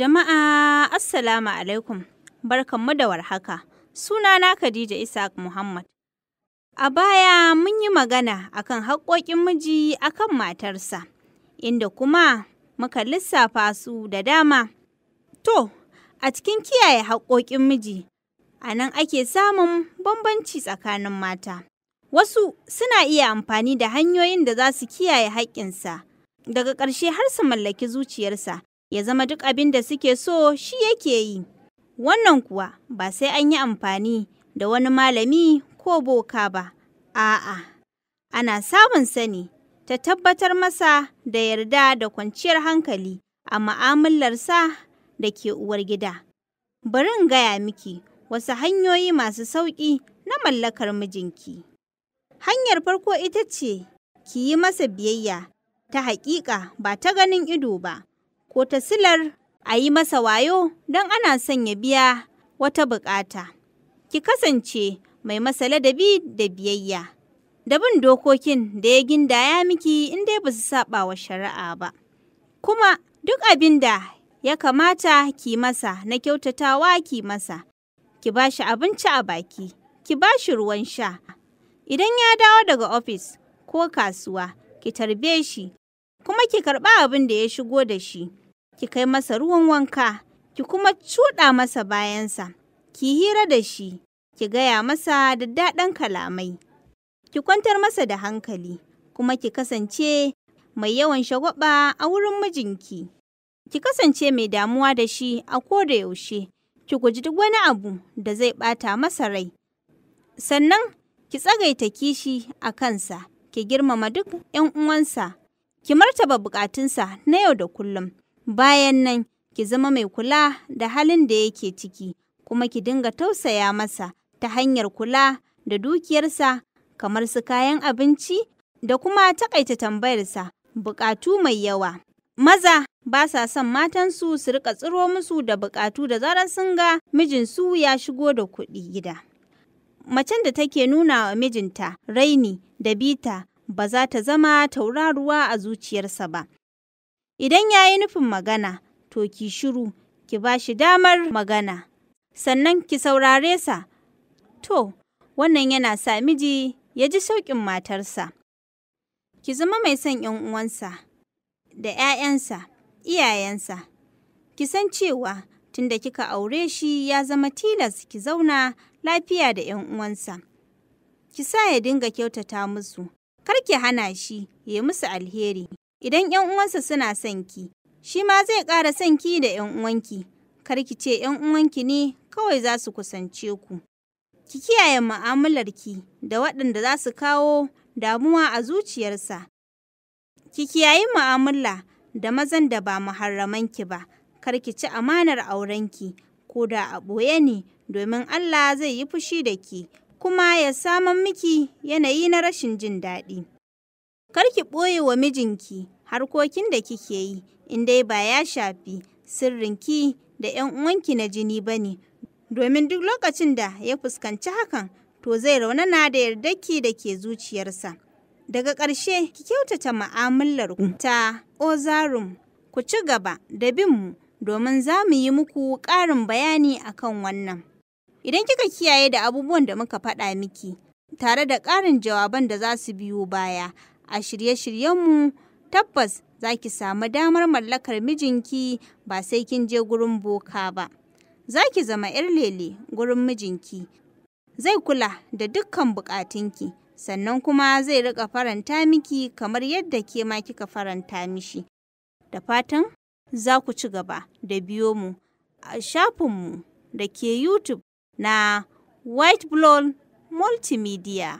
Jama'a Assalamu alaikum, barkanmu da warhaka. Sunana Khadija Isaac Muhammad. A baya mun yi magana akan haƙoƙin miji akan matarsa, inda kuma muka lissafa su da dama. To, a cikin kiyaye haƙoƙin miji, a nan ake samun bambanci tsakanin mata. Wasu suna iya amfani da hanyoyin da za su kiyaye haƙƙinsa, daga ƙarshe har su mallaki zuciyarsa, ya zama duk abin da suke so shi yake yi. Wannan kuwa ba sai an yi amfani da wani malami ko boka ba, a'a, ana samun sani ta tabbatar masa da yarda da kwanciyar hankali a mu'amalarsa da ke uwar gida. Bari in gaya miki wasu hanyoyi masu sauƙi na mallakar mijinki. Hanyar farko ita ce ki yi masa biyayya ta haƙiƙa ba ta ganin ido ba, ko ta silar a yi masa wayo don ana son ya biya wata bukata. Ki kasance mai masa ladabi da biyayya, da bin dokokin da ya gindaya miki in dai ba su saba wa shari'a ba. Kuma duk abin da ya kamata ki masa na kyautatawa ki masa, ki ba shi abinci a baki, ki ba shi ruwan sha. Idan ya dawo daga ofis ko kasuwa, ki tarbe shi, kuma ki karɓa abin da ya shigo da shi. ki kai masa ruwan wanka, ki kuma cuɗa masa bayansa, ki hira da shi, ki gaya masa da daɗan kalamai, ki kwantar masa da hankali, kuma ki kasance mai yawan shagwaba a wurin mijinki. Ki kasance mai damuwa da shi a ko da yaushe, ki guji duk wani abu da zai ɓata masa rai. Sannan, ki tsagaita kishi a kansa, ki girmama duk ‘yan uwansa, ki martaba bukatunsa na yau da kullum. Bayan nan, ki zama mai kula da halin da yake ciki, kuma ki dinga tausaya masa ta hanyar kula da dukiyarsa kamar su kayan abinci da kuma taƙaita tambayarsa buƙatu mai yawa. Maza ba sa son matansu su riƙa tsiro musu da buƙatu da zarar sun ga mijinsu ya shigo da kuɗi gida. Macen da take nuna wa mijinta raini da bita ba za ta zama tauraruwa a zuciyarsa ba. Idan ya yi nufin magana, to ki shiru, ki ba shi damar magana, sannan ki saurare sa. To, wannan yana sa miji ya ji sauƙin matarsa. Ki zama mai son ‘yan uwansa, da ‘ya'yansa, iyayensa. Ki san cewa, tunda kika aure shi ya zama tilas ki zauna lafiya da ‘yan uwansa. Ki sa ya dinga kyautata musu, kar ki hana shi ya musu alheri. Idan ‘yan uwansa suna son ki, shi ma zai ƙara son ki da ‘yan uwanki. Kar ce ‘yan uwanki ne kawai za su kusance ku. Ki kiyaye ki da waɗanda za su kawo damuwa a zuciyarsa. Ki kiyayi mu'amala da mazan da ba muharramanki ba, kar ci amanar aurenki, ko da a ɓoye ne, domin Allah zai yi fushi da ki, kuma ya saman miki yanayi na rashin jin daɗi. Kar ki ɓoye wa mijinki harkokin da kike yi, in dai ba ya shafi sirrinki da 'yan uwanki na jini ba ne, domin duk lokacin da ya fuskanci hakan, to zai raunana da yardarki da ke zuciyarsa. Daga ƙarshe, ki kyautata mu'amalar ta Ozarum, ku ci gaba da bin mu domin za mu yi muku ƙarin bayani a kan wannan. Idan kika kiyaye da abubuwan da muka faɗa miki, tare da ƙarin jawaban da za su biyo baya, A shirye-shiryenmu tabbas za ki samu damar mallakar mijinki ba sai kin je gurin boka ba. Za ki zama 'yar lele gurin mijinki. Zai kula da dukkan bukatunki, sannan kuma zai riƙa faranta miki kamar yadda ke ma kika faranta mishi. Da fatan za ku ci gaba da biyo mu a shafinmu da ke YouTube na White Blood Multimedia.